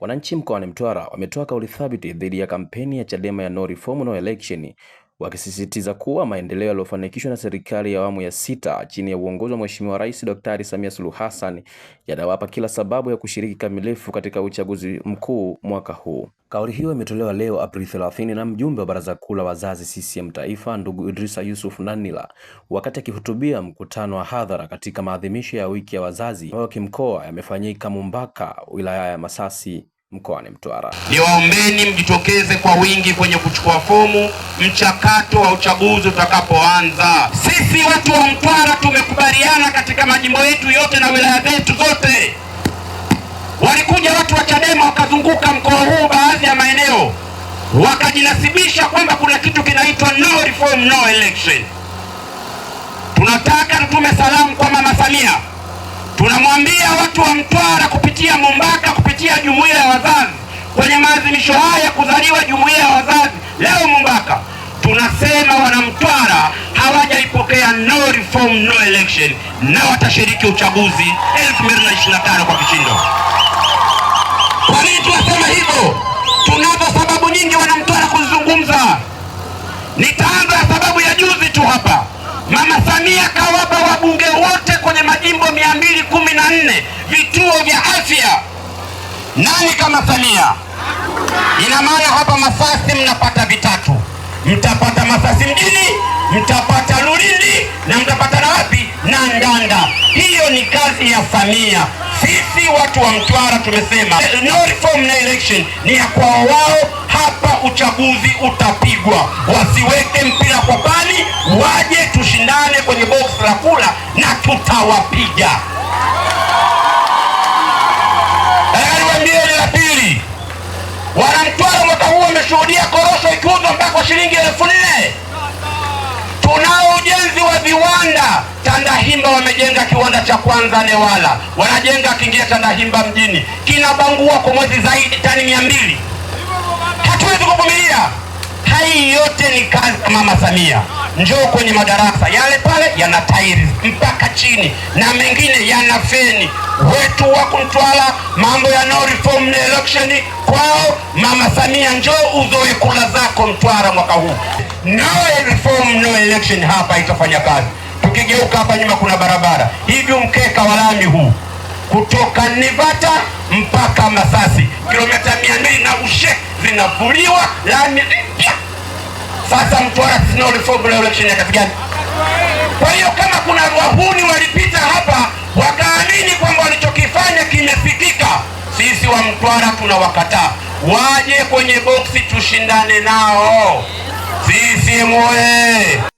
Wananchi mkoani Mtwara wametoa kauli thabiti dhidi ya kampeni ya Chadema ya no reform no election wakisisitiza kuwa maendeleo yaliyofanikishwa na serikali ya awamu ya sita chini ya uongozi wa Mheshimiwa Rais Daktari Samia Suluhu Hassan yanawapa kila sababu ya kushiriki kamilifu katika uchaguzi mkuu mwaka huu. Kauli hiyo imetolewa leo Aprili 30 na mjumbe wa Baraza Kuu la Wazazi CCM Taifa, ndugu Idrisa Yusuf Nanila wakati akihutubia mkutano wa hadhara katika maadhimisho ya wiki ya wazazi ambayo kimkoa yamefanyika Mumbaka, wilaya ya Masasi mkoani Mtwara. Niwaombeni mjitokeze kwa wingi kwenye kuchukua fomu mchakato wa uchaguzi utakapoanza. Sisi watu wa Mtwara tumekubaliana katika majimbo yetu yote na wilaya zetu zote. Walikuja watu wa Chadema wakazunguka mkoa huu, baadhi ya maeneo wakajinasibisha kwamba kuna kitu kinaitwa no reform, no election. Tunataka tutume salamu kwa Mama Samia, tunamwambia watu wa Mtwara kupitia Mombaka jumuiya ya wazazi kwenye maadhimisho haya ya kuzaliwa jumuiya ya wazazi leo Mumbaka, tunasema wanamtwara hawajaipokea no reform no election, na watashiriki uchaguzi 2025 kwa kishindo. Kwa nini tunasema hivyo? Tunazo sababu nyingi wanamtwara kuzungumza. Nitaanza sababu ya juzi tu hapa, Mama Samia kawapa wabunge wote kwenye majimbo 214 vituo vya afya nani kama Samia? Ina maana hapa Masasi mnapata vitatu, mtapata Masasi mjini, mtapata Lulindi na mtapata na wapi na Ndanda. Hiyo ni kazi ya Samia. Sisi watu wa Mtwara tumesema no reform no election, ni ya kwao wao. Hapa uchaguzi utapigwa, wasiweke mpira kwa pani, waje tushindane kwenye box la kula na tutawapiga. tumeshuhudia korosho ikiuzwa mpaka kwa shilingi elfu nne. Tunao ujenzi wa viwanda. Tandahimba wamejenga kiwanda cha kwanza Newala, wanajenga kingia Tandahimba mjini, kinabangua kwa mwezi zaidi tani mia mbili. Hatuwezi kuvumilia. Hai yote ni kazi ya Mama Samia. Njoo kwenye madarasa yale pale yana tairi mpaka chini na mengine yana feni wetu wako Kutwala, mambo ya no reform na election kwao. Mama Samia, njoo uzoe kula zako Mtwara mwaka huu. No reform no election hapa itafanya kazi. Tukigeuka hapa nyuma, kuna barabara hivi, mkeka wa lami huu kutoka Nivata mpaka Masasi kilomita mia mbili na ushe zinavuliwa lami mpya. Sasa Mtwara no reform no election ya kazi gani? Kwa hiyo kama kuna wahuni walipita hapa Mtwara tunawakataa waje kwenye boksi tushindane nao. CCM oye! Eh.